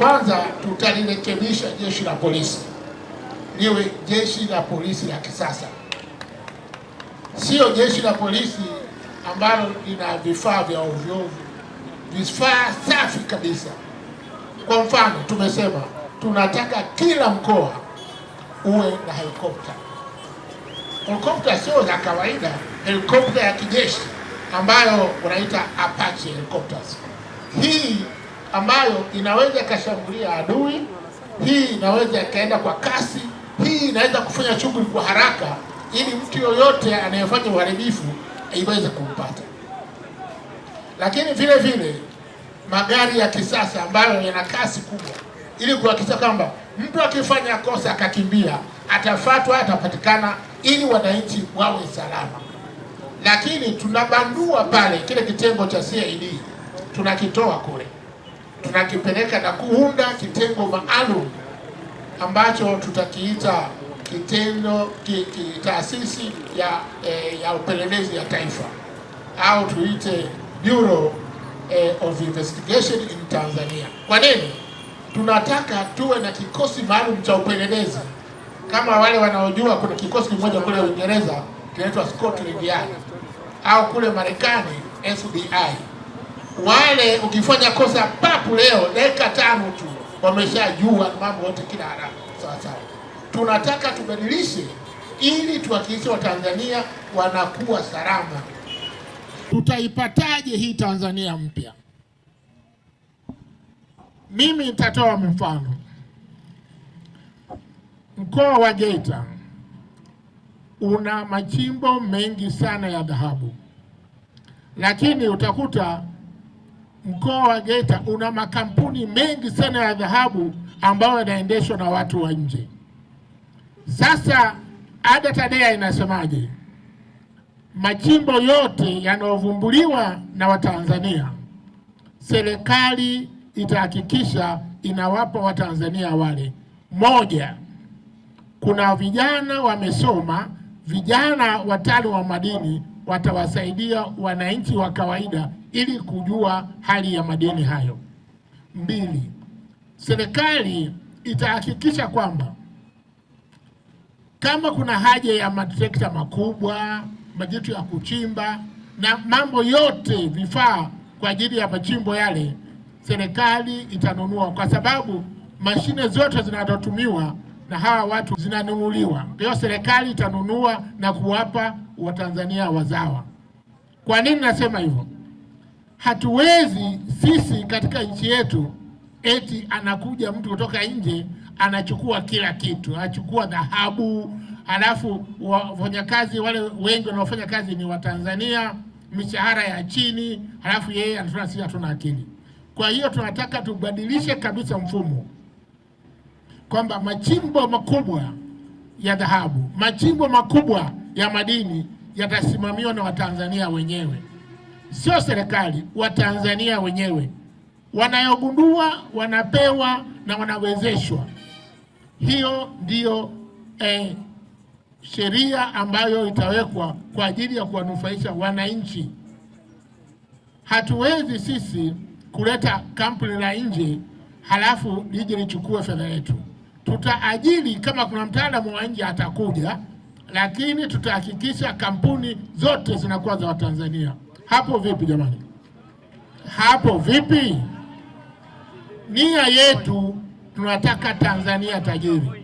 Kwanza tutalirekebisha jeshi la polisi liwe jeshi la polisi la kisasa, sio jeshi la polisi ambalo lina vifaa vya ovyo ovyo, vifaa safi kabisa. Kwa mfano, tumesema tunataka kila mkoa uwe na helikopta. Helikopta sio za kawaida, helikopta ya kijeshi ambayo unaita Apache helicopters. Hii ambayo inaweza ikashambulia adui, hii inaweza ikaenda kwa kasi, hii inaweza kufanya shughuli kwa haraka, ili mtu yoyote anayefanya uharibifu iweze kumpata. Lakini vile vile magari ya kisasa ambayo yana kasi kubwa, ili kuhakikisha kwamba mtu akifanya kosa akakimbia, atafatwa, atapatikana, ili wananchi wawe salama. Lakini tunabandua pale kile kitengo cha CID tunakitoa kule tunakipeleka na kuunda kitengo maalum ambacho tutakiita kitendo ki, ki, taasisi ya, eh, ya upelelezi ya taifa au tuite Bureau eh, of Investigation in Tanzania. Kwa nini? Tunataka tuwe na kikosi maalum cha upelelezi kama wale wanaojua, kuna kikosi kimoja kule Uingereza kinaitwa Scotland Yard au kule Marekani FBI wale ukifanya kosa papu leo dakika tano tu wameshajua mambo yote kila haraka sawa sawa. Tunataka tubadilishe ili tuhakikishe Watanzania wanakuwa salama. Tutaipataje hii Tanzania mpya? Mimi nitatoa mfano mkoa wa Geita una machimbo mengi sana ya dhahabu, lakini utakuta mkoa wa Geita una makampuni mengi sana ya dhahabu ambayo yanaendeshwa na watu wa nje. Sasa ada TADEA inasemaje? Majimbo yote yanayovumbuliwa na Watanzania, serikali itahakikisha inawapa Watanzania wale. Moja, kuna vijana wamesoma, vijana wataalamu wa madini watawasaidia wananchi wa kawaida ili kujua hali ya madeni hayo. Mbili, serikali itahakikisha kwamba kama kuna haja ya matrekta makubwa, majitu ya kuchimba na mambo yote, vifaa kwa ajili ya machimbo yale, serikali itanunua, kwa sababu mashine zote zinazotumiwa na hawa watu zinanunuliwa. Ndio serikali itanunua na kuwapa Watanzania wazawa. Kwa nini nasema hivyo? Hatuwezi sisi katika nchi yetu eti anakuja mtu kutoka nje anachukua kila kitu, anachukua dhahabu, halafu wafanyakazi wale wengi wanaofanya kazi ni Watanzania, mishahara ya chini, halafu yeye anatuna sisi hatuna akili. Kwa hiyo tunataka tubadilishe kabisa mfumo kwamba machimbo makubwa ya dhahabu, machimbo makubwa ya madini yatasimamiwa na Watanzania wenyewe, sio serikali. Watanzania wenyewe wanayogundua, wanapewa na wanawezeshwa. Hiyo ndiyo eh, sheria ambayo itawekwa kwa ajili ya kuwanufaisha wananchi. Hatuwezi sisi kuleta kampuni la nje halafu lije lichukue fedha yetu tutaajiri kama kuna mtaalamu wa nje atakuja, lakini tutahakikisha kampuni zote zinakuwa za Watanzania. Hapo vipi jamani? Hapo vipi? Nia yetu tunataka Tanzania tajiri.